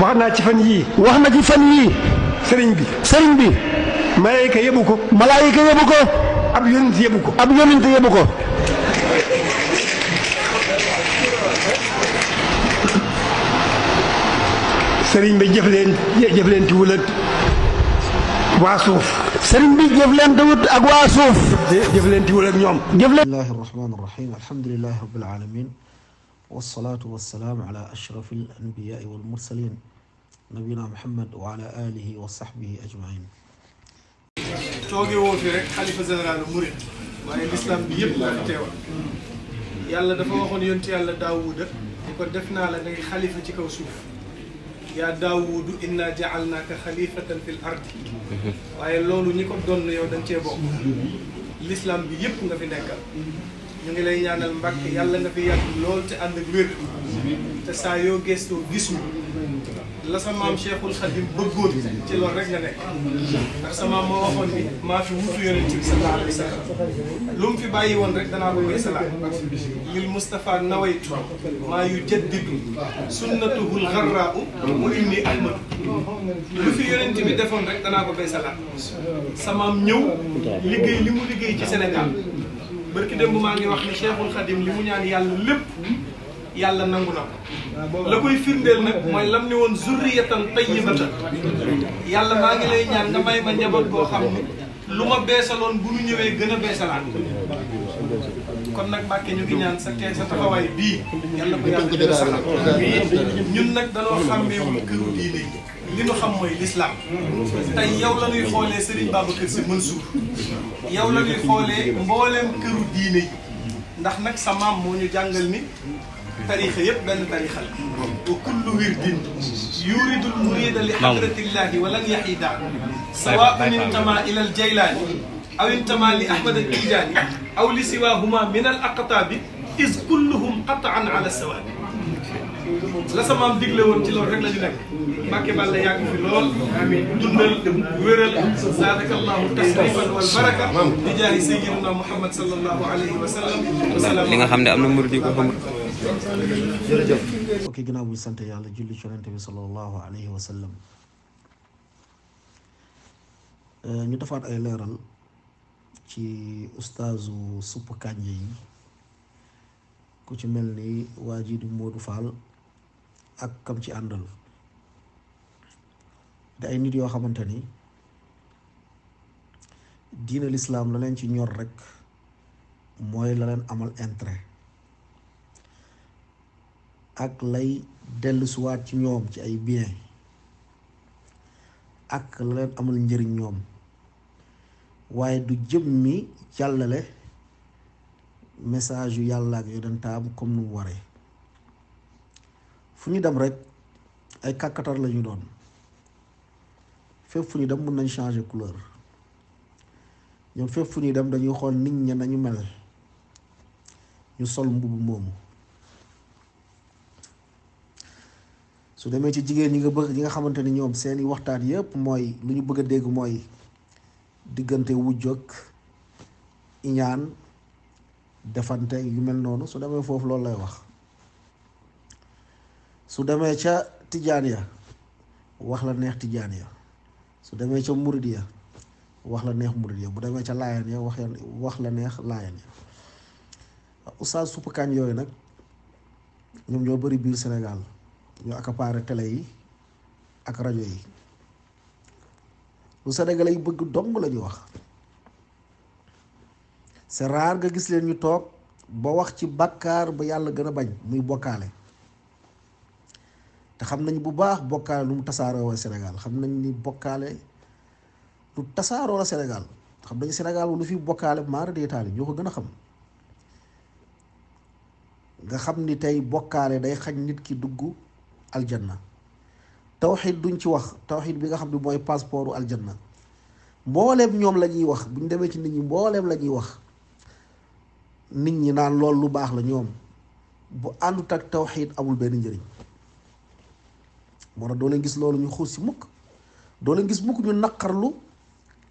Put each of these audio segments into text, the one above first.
wax naa ci fan yii wax na ci fan yii sëriñ bi sëriñ bi malaayika yëbu ko malaayika yëbu ko ab yonent yëbu ko ab yonent yëbu ko sëriñ bi jëfleen jëfleenti wul ak waa suuf sëriñ bi jëfleenti wut ak waa suuf jëfleenti wul ak ñoom jëfleen الله الرحمن الرحيم الحمد لله رب العالمين والصلاة والسلام على أشرف الأنبياء والمرسلين نبينا محمد وعلى آله وصحبه أجمعين toogee woo fi rek xalifa général murid waaye l'islam bi yëpp moo fi teewal yàlla dafa waxoon yonti yàlla daawuda di ko def naa la ngay xalifa ci kaw suuf yaa daawudu inna jaalnaaka xalifatan fil ardi waaye loolu ñi ko doon yow dañ cee bokk l'islam bi yëpp nga fi nekkal ñu ngi lay ñaanal mbàkk yàlla nga fi yàgg lool te ànd ak wér te saa yoo gëstoo gis ñu la sa maam Cheikhul Khadim bëggoon ci loolu rek la nekk ndax sa maam moo waxoon ni maa fi wutu yonent bi sallallahu alayhi wa sallam lu mu fi bàyyi woon rek danaa ko yeesalaat lil Moustapha nawaytu maa yu jaddidu sunnatuhul xarraau mu inni almatu lu fi yonent bi defoon rek danaa ko beesalaat sa maam ñëw liggéey li mu liggéey ci Sénégal barki démb maa ngi wax ni Cheikhul Khadim li mu ñaan yàlla lépp yàlla nangu na ko ah, la koy firndeel nag mooy lam ni woon zurriyatan tayyibatan yàlla maa ngi lay ñaan nga may ma njaboot koo xam ne lu ma beesaloon bu ñu ñëwee gën a beesalaat kon nag Mbàkke ñu ngi ñaan sa tee sa taxawaay bii yàlla ko yàlla gën a saxal ñun nag danoo xàmmeewul këru diine yi li ñu xam mooy lislaam tey yow la ñuy xoolee Serigne Babacar Sy Mansour yow la ñuy xoolee mbooleem këru diine yi ndax nag sa maam moo ñu jàngal ni التاريخ يقبل الطريق وكل ورد يورد المريد لحضرة الله ولن يحيد سواء انتمى إلى الجيلان أو انتمى لأحمد التيجاني أو لسواهما من الأقطاب إذ كلهم قطعا على السواد la sa maam digle woon ci loolu rek la ñu nekk Mbàkke Balla yàgg fi lool dundal wéral zaadaka allahu tasrifan wal baraka di jaahi sayyidina Muhammad sallallahu alayhi wa sallam li nga xam ne am na murid yi ko xamul jërëjëf ok ginnaaw bu ñu sant yàlla julli ci yonent bi sallallahu alayhi wa sallam euh, ñu defaat ay leeral ci ustaazu supp kànje yi ku ci mel ni waa ji di Modou Fall ak kam ci andal da ay nit yo xamanteni diina l'islam la len ci ñor rek moy la len amal intérêt ak lay dellusiwaat ci ñoom ci ay bien ak la len amal njëriñ ñoom waye du jëmmi jàllale message yu yalla ak yonentaam comme nu waré fuñu dem rek ay kàkkatar la doon fépp fuñu dem mën nañ changer couleur ñoom fépp fuñu dem dañuy xol nit ñi nañu mel ñu sol mbubu moomu su demee ci jigéen ñi nga bëgg ñi nga xamanteni ñoom seeni waxtaan yépp mooy lu ñu bëgg a dégg mooy diggante wujjog iñaan defante yu mel noonu su demee foofu loolu lay wax su demee ca ya wax la neex ya su demee ca ya wax la neex ya bu demee ca laayeen ya wax wax la neex laayeen ya oustaz suppakaan yooyu nag ñoom ñoo bëri biir sénégal ñoo accaparé télé yi ak rajo yi lu sénégalais yi bëgg dong la ñu wax c'est rare nga gis leen ñu toog ba wax ci bakkar ba yàlla gën a bañ muy bokkaale te xam nañ bu baax bokkaale lu mu tasaaroo la Sénégal xam nañ ni bokkaale lu tasaaroo la Sénégal xam nañ Sénégal lu fi bokkaale maara deetaali ñoo ko gën a xam nga xam ni tey bokkaale day xaj nit ki dugg aljanna tawxid duñ ci wax tawxid bi nga xam ne mooy passeportu aljanna mbooleem ñoom lañuy ñuy wax buñ demee ci nit ñi mbooleem la ñuy wax nit ñi naan lool lu baax la ñoom bu àndut ak tawxid amul benn njëriñ moo tax doo leen gis loolu ñu xuus si mukk doo leen gis mukk ñu naqarlu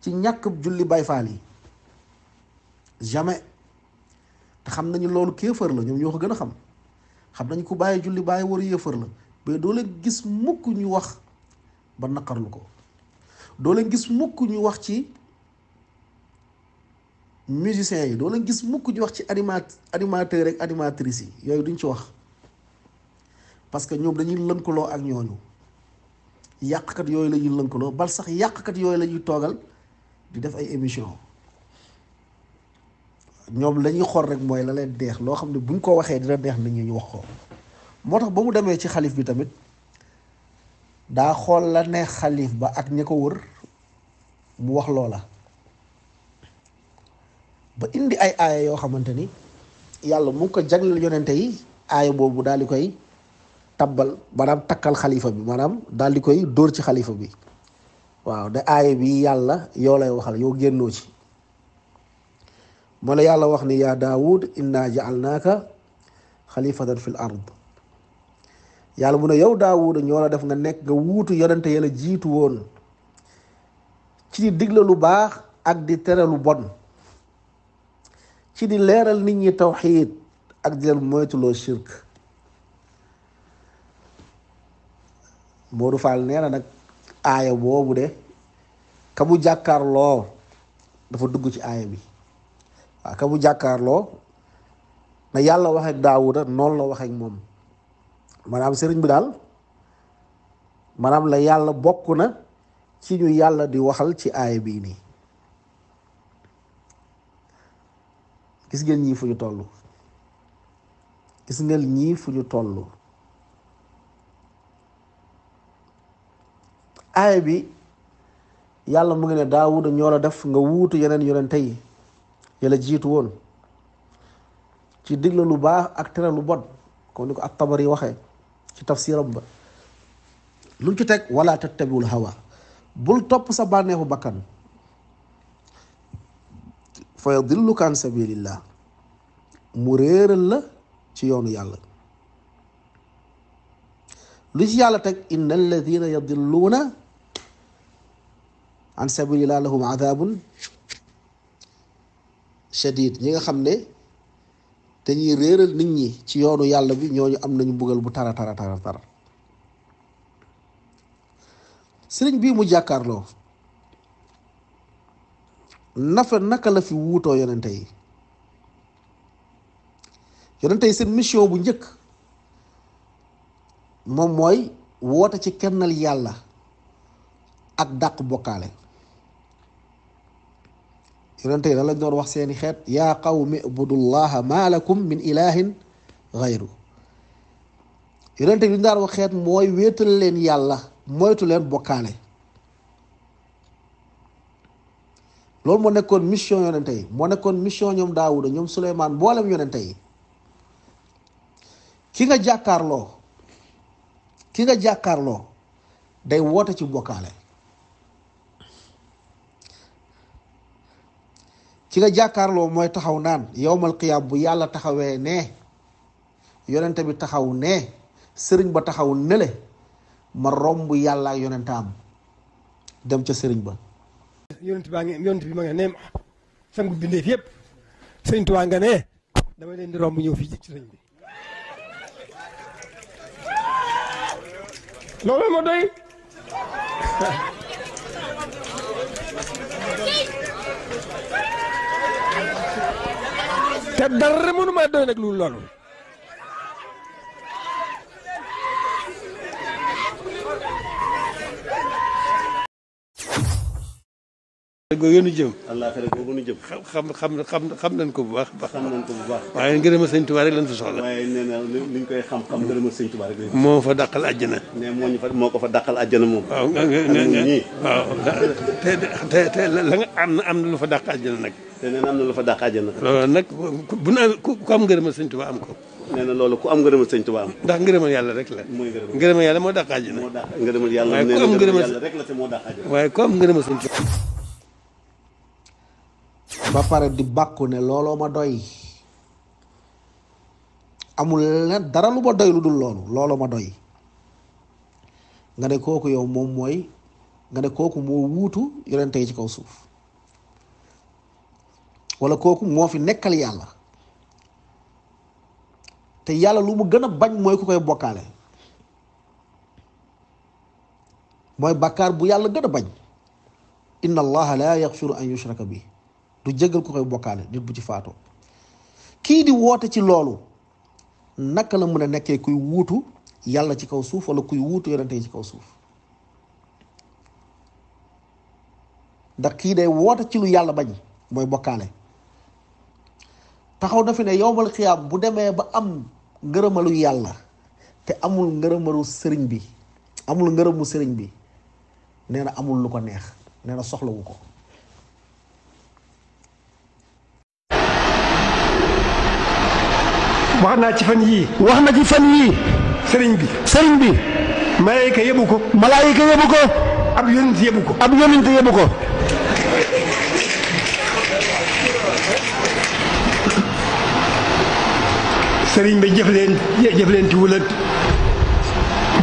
ci ñàkk julli bay faal yi jamais te xam nañu loolu kéefër la ñoom ñoo ko gën a xam xam nañu ko bàyyi julli bàyyi war yéefër la mais doo leen gis mukk ñu wax ba naqarlu ko doo leen gis mukk ñu wax ci musiciens yi doo leen gis mukk ñu wax ci animat animateur rek animatrices yi yooyu duñ ci wax parce que ñoom dañuy lënkaloo ak ñooñu yàqkat yooyu la ñuy bal sax yàqkat yooyu lañuy toogal di def ay émission ñoom lañuy xool rek mooy la leen deex loo xam ne buñ ko waxee dina deex nit ñi ñu wax ko moo tax ba mu demee ci xalif bi tamit daa xool la neex xalif ba ak ña ko wër mu wax loola ba indi ay aaya yoo xamante ni yàlla mu ko jagleel yonente yi aaya boobu daal di koy tabal manam takal khalifa bi manam dal dikoy dor ci khalifa bi waaw da ay bi yàlla yo lay waxal yo genno ci moo la yàlla wax ni ya daawud inna ja'alnaka khalifatan fil ard yàlla mu ne yow daawud ñoo la def nga nek nga wutu yonente yàlla jitu won ci di digle lu bax ak di tere lu bon ci di leral nit ñi tawhid ak di leral moytu lo shirk Modou Fall nee na nag aaya boobu de kamu jàkkaarloo dafa dugg ci aaya bi waaw ka mu jàkkaarloo na yàlla wax ak Daawuda noonu la wax ak moom maanaam sëriñ bi daal maanaam la yàlla bokk na ci ñu yàlla di waxal ci aaya bii nii gis ngeen ñii fu ñu toll gis ngeen ñii fu ñu tollu aay bi yàlla mu ngi ne daawuda ñoo la def nga wuutu yeneen yonente tey yàlla jiitu woon ci digla lu baax ak tere lu bon kon ni ko at-Tabari waxe ci tafsiram ba lu mu ci teg wala tattabiul hawa bul topp sa bànneexu bakkan fa yadilluka an sabilillah mu réeral ci yoonu yàlla yàlla teg inna alladina yadilluuna an sabilillah lahum adabun shadid ñi nga xam ne dañuy réeral nit ñi ci yoonu yàlla bi ñooñu am nañu mbugal bu tara tara tara tara sëriñ bii mu jàkkaarloo nafa naka la fi wuutoo yonente yi yonente yi seen mission bu njëkk moom mooy woote ci kennal yàlla ak dàq bokkaale yonente yi la lañ doon wax seeni xeet yaa qawmi ubudullaha ma lakum min ilahin gayru yonente yi li ñu daan wax xeet mooy wéetal leen yàlla moytu leen bokkaale loolu moo nekkoon mission yonente yi moo nekkoon mission ñoom daawuda ñoom suleymaan mboolem yonente yi ki nga jàkkaarloo ki nga jàkkaarloo day woote ci bokkaale ci nga jakarlo moy taxaw nan yowmal qiyam bu yalla taxawé ne yonenté bi taxaw ne sëriñ ba taxaw nele ma rombu yalla ak yonentaam dem ci sëriñ ba yonent ba nga yonent bi ma nga ne sangu bindeef yépp sëriñ tuwa nga ne dama leen di rombu ñew fi ci sëriñ bi lolé mo doy te dara mënuma doy nag lu loolu googu nu jëm àllaaxira xam xam xam xam nañ ko bu baax baax xam nañ ko bu baax waaye ngërëma sëñ Tuubaa rek lañ fa soxla waaye nee na li koy xam xam ngërëma sëñ Tuubaa rek moo fa daqal àjjana ne moo ñu fa moo ko fa dàqal àjjana moom waaw nga te te la nga am na am na lu fa daq àjjana nag te nee na am na lu fa dàq àjjana. nag bu na ku am ngërëmal sëñ Tuubaa am ko. nee na loolu ku am ngërëmal sëñ Tuubaa am. ndax ngërëmal yàlla rek la. mooy ngërëmal ngërëmal yàlla moo dàq àjjana. moo dàq ngërëmal yàlla nee na rek la te moo waaye ku am ngërëmal sëñ Tuubaa. ba pare di bàkku ne looloo ma doy amul lenn dara lu ma doy lu dul loolu looloo ma doy nga ne kooku yow moom mooy nga ne kooku moo wuutu yonente yi ci kaw suuf. wala kooku moo fi nekkal yàlla te yàlla lu mu gën a bañ mooy ku koy bokkaale mooy bàkkaar bu yàlla gën a bañ inna allaha la yaxfiru an yushraka bi du jéggal ko koy bokkaale nit bu ci faatoo kii di woote ci loolu naka la mun a nekkee kuy wuutu yàlla ci kaw suuf wala kuy wuutu yonente ci kaw suuf ndax kii day woote ci lu yàlla bañ mooy bokkaale taxaw na fi ne yowmal xiyaam bu demee ba am ngërëmalu yàlla te amul ngërëmalu sëriñ bi amul ngërëmu sëriñ bi nee na amul lu ko neex nee na soxlawu ko wax naa ci fan yii wax na ci fan yii sëriñ bi sëriñ bi malaayika yëbu ko malaayika yëbu ko ab yonent yëbu ko ab yonent yëbu ko sëriñ bi jëf leen jëf leen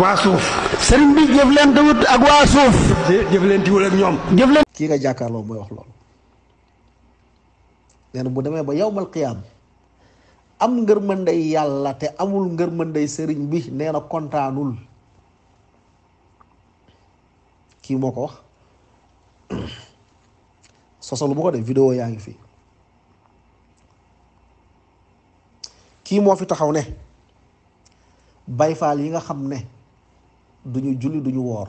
waa suuf. sëriñ bi jëf leen di wut ak waa suuf. jëf leen ñoom. jëf kii nga jàkkaarloo mooy wax loolu nee bu demee ba yowmal qiyaam am ngërmandey yàlla te amul ngërmandey sëriñ bi nee na kontaanul kii moo ko wax sosalu bu ko def vidéo yaa ngi fi. kii moo fi taxaw ne bay bayfaal yi nga xam ne duñu julli duñu woor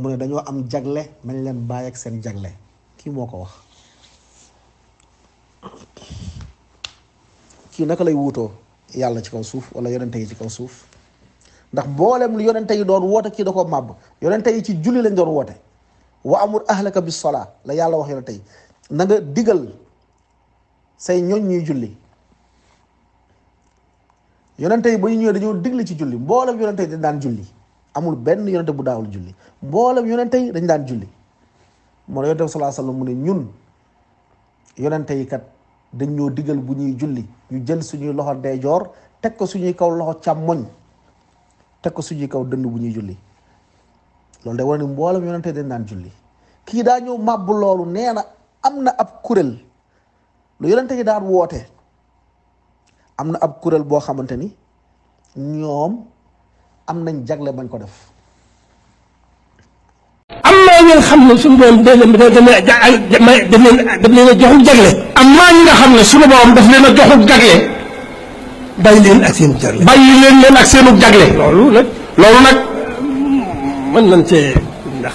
mu ne dañoo am jagle mel nañ leen bàyyi ak seen jagle kii moo ko wax kii naka lay wuutoo yàlla ci kaw suuf wala yonente yi ci kaw suuf ndax mboolem lu yonente yi doon woote kii da màbb yonente yi ci julli lañ doon woote wa amur ahlaka bis salaa la yàlla wax yonente tey na nga digal say ñoñ ñuy julli yonente yi ba ñu ñëwee dañoo digle ci julli mboolem yonente yi dañ daan julli amul benn yonente bu daawul julli mboolem yonente yi dañ daan julli moo yonente bi salaa sallam mu ne ñun yonente yi dañ ñoo digal bu ñuy julli ñu jël suñuy loxo ndeyjoor teg ko suñuy kaw loxo càmmoñ teg ko suñuy kaw dënd bu ñuy julli loolu day wane ni mboolem daan julli kii daa ñëw màbb loolu nee na am na ab kuréel lu yonente yi daan woote am na ab kuréel boo xamante ni ñoom am nañ jagle bañ ko def. am naa xam ne suñu borom day leen daf leen a joxu jagle. am naa ñi nga xam ne suñu borom daf leen a joxu jagle. bàyyi leen ak seenu jagle. bàyyi leen leen ak seenu jagle. loolu nag loolu nag mën nañ cee ndax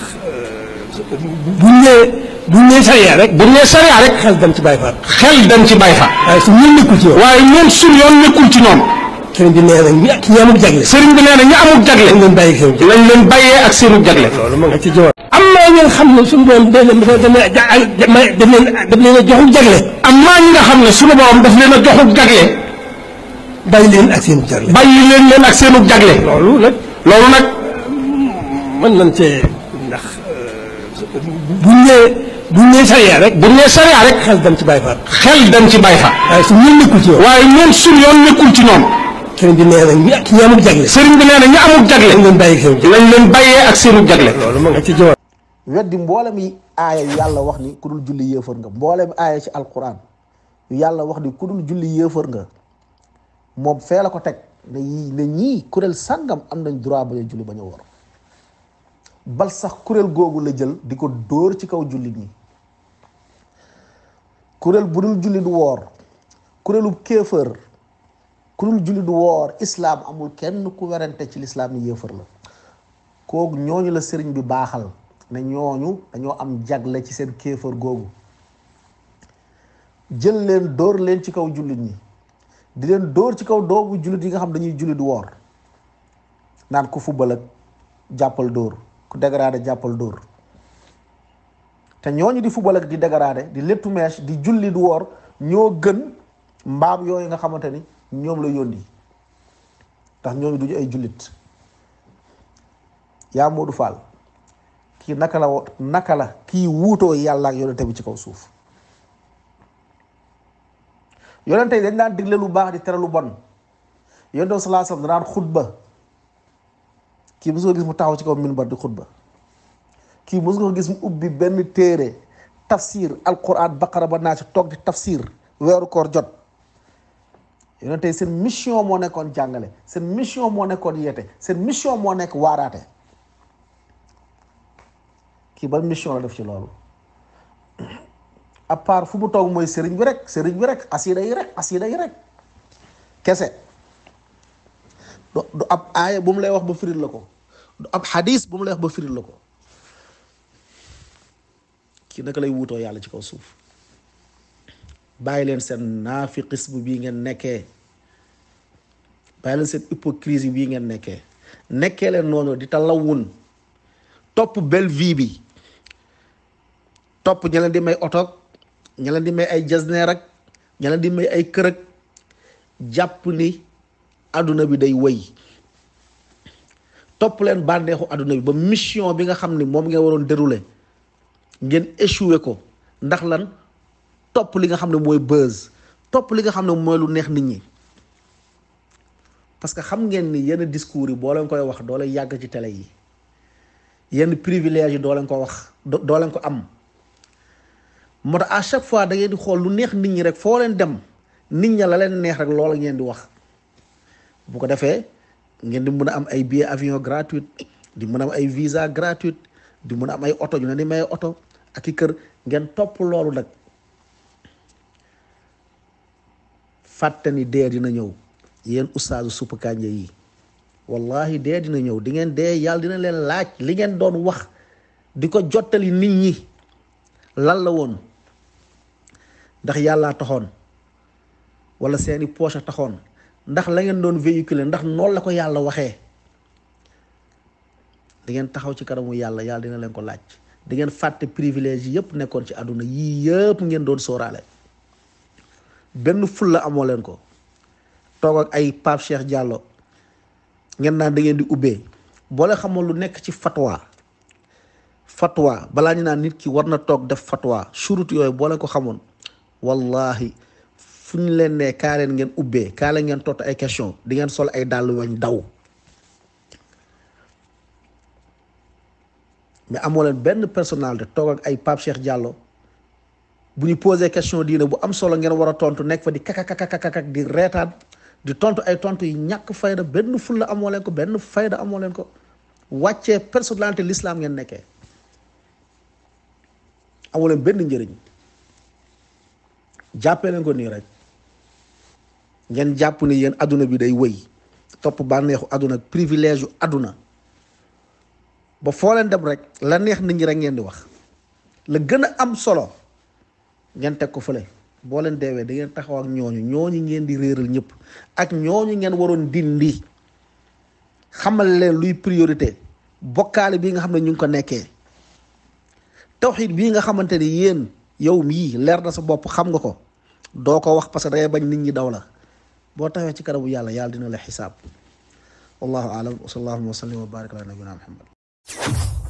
euh, buñ bu ñu nee sariya rek bu ñu nee sariya rek xel dem ci Baay Faal xel dem ci Baay Faal waaye su ñun nekkul ci yoon waaye ñoom suñu yoon nekkul ci ñoom sëriñ bi nee na ñu ñu amul jagle sëriñ bi nee na ñu amul jagle lañ leen bàyyi seen lañ leen bàyyee ak seenu jagle loolu ma nga ci joor am na ñoo xam ne suñu borom daf leen daf leen a joxul jagle am na ñi nga xam ne suñu borom daf leen a joxul jagle bàyyi leen ak seenu jagle bàyyi leen leen ak seenu jagle loolu nag loolu nag mën nañ cee ndax buñ nee buñ nee sariya rek buñ nee rek xel dem ci Baay Faal dem ci Baay Faal waaye suñ yoon nekkul ci yoon waaye ñoom suñ yoon nekkul ci ñoom sëriñ bi nee na ñi ñi amul jagle sëriñ bi na ñi amul jagle lañ ak seenu jagle weddi mboolem yi aaya yàlla wax ni ku julli yéefar nga mboolem aaya ci alquran yàlla wax ni ku dul julli yéefar nga moom fee la ko teg na yii ne ñii kuréel sàngam am nañ droit bañ a julli bañ a war bal sax kuréel googu la jël di ko dóor ci kaw julli ñi kuréel bu dul julli du woor kuréelu kéefër ku dul julli woor islaam amul kenn ku werante ci lislaam ni yéefër la kooku ñooñu la sëriñ bi baaxal ne ñooñu dañoo am jagle ci seen kéefër googu jël leen dóor leen ci kaw jullit ñi di leen dóor ci kaw doogu jullit yi nga xam dañuy julli du woor naan ku fubal ak jàppal dóor ku dégradé jàppal dóor te ñooñu di football ak di dégradé di léttu mèche di julli du woor ñoo gën mbaam yooyu nga xamante ni ñoom la yónni ndax ñooñu duñu ay jullit yaa Modou Fall kii naka la wo naka la kii wuutoo yàlla ak yonente bi ci kaw suuf yonente yi dañ daan digle lu baax di teralu bon yonente bi sallallahu alayhi wasallam daan xutba kii mosoo gis mu taxaw ci kaw minbar di xutba kii mos nga ko gis mu ubbi benn téere tafsir alquran baqara ba naa ci toog di tafsir weeru koor jot yonent tey seen mission moo nekkoon jàngale seen mission moo nekkoon yeete seen mission moo nekk waaraate kii ba mission la def ci loolu à part fu mu toog mooy sëriñ bi rek sëriñ bi rek xasida yi rek xasida yi rek kese du ab aaya bu mu lay wax ba firil la ko du ab xadis bu mu lay wax ba firil la ko kii naka lay wuutoo yàlla ci kaw suuf bàyyi leen seen naafiqisme bii ngeen nekkee bàyyi leen seen hypocrisie bii ngeen nekkee nekkee leen noonu di talawun topp belle vie bi topp ña di may otoog ña di may ay jasneer ak ña di may ay kër jàpp ni àdduna bi day wëy topp leen bànneexu àdduna bi ba mission bi nga xam ni moom ngeen waroon derule ngeen échoué ko ndax lan topp li nga xam ne mooy buzz topp li nga xam ne mooy lu neex nit ñi parce que xam ngeen ni yenn discours yi boo leen koy wax doo leen yàgg ci télé yi yenn privilège yi doo leen ko wax doo leen ko am moo tax à chaque fois da ngeen di xool lu neex nit ñi rek foo leen dem nit ña la leen neex rek loola ngeen di wax bu ko defee ngeen di mën a am ay billet avion gratuit di mën a am ay visa gratuit di mën a am ay oto ñu ne di may oto ak kër ngeen topp loolu nag fàtte ni dee dina ñëw yéen ustaasu suppu kànja yi wallahi dee dina ñëw di ngeen dee yàlla dina leen laaj li ngeen doon wax di ko jottali nit ñi lan la woon ndax yàllaa taxoon wala seeni poche taxoon ndax la ngeen doon véhiculer ndax noonu la ko yàlla waxee di ngeen taxaw ci karamu yàlla yàlla dina leen ko laaj di ngeen fàtte privilège yépp nekkoon ci àdduna yii yépp ngeen doon sóoraale benn fulla amoo leen ko toog ak ay pape cheikh diallo ngeen naan da ngeen di ubbee Boleh xamoon lu nekk ci fatwa fatwa balaa ñu naan nit ki war na toog def fatwa surut yooyu boleh ko xamoon wallahi fu ñu leen ne kaa leen ngeen ubbee kaa leen ngeen tott ay question di ngeen sol ay dàll wañ daw mais amoo leen benn personnalité toog ak ay Pape Cheikh Diallo bu ñu posé question diine bu am solo ngeen war a tontu nekk fa di kakakakakakak di reetaan di tontu ay tontu yu ñàkk fayda benn fulla amoo leen ko benn fayda amoo leen ko wàccee personnalité lislaam ngeen nekkee amoo leen benn njëriñ jàppee leen ko nii rek ngeen jàpp ni yéen àdduna bi day wëy topp bànneexu àdduna privilège yu àdduna ba foo leen dem rek la neex nit ñi rek ngeen di wax la gën a am solo ngeen teg ko fële boo leen deewee da ngeen taxaw ak ñooñu ñooñu ngeen di réeral ñëpp ak ñooñu ngeen waroon dindi xamal leen luy priorité bokkaale bi nga xam ne ñu ngi ko nekkee tawxid bii nga xamante ni yéen yow mii leer na sa bopp xam nga ko doo ko wax parce que da bañ nit ñi daw la boo ci karabu yàlla yàlla dina la xisaab wallahu alam wa sallallahu wa sallam wa baraka ala nabina muhammad you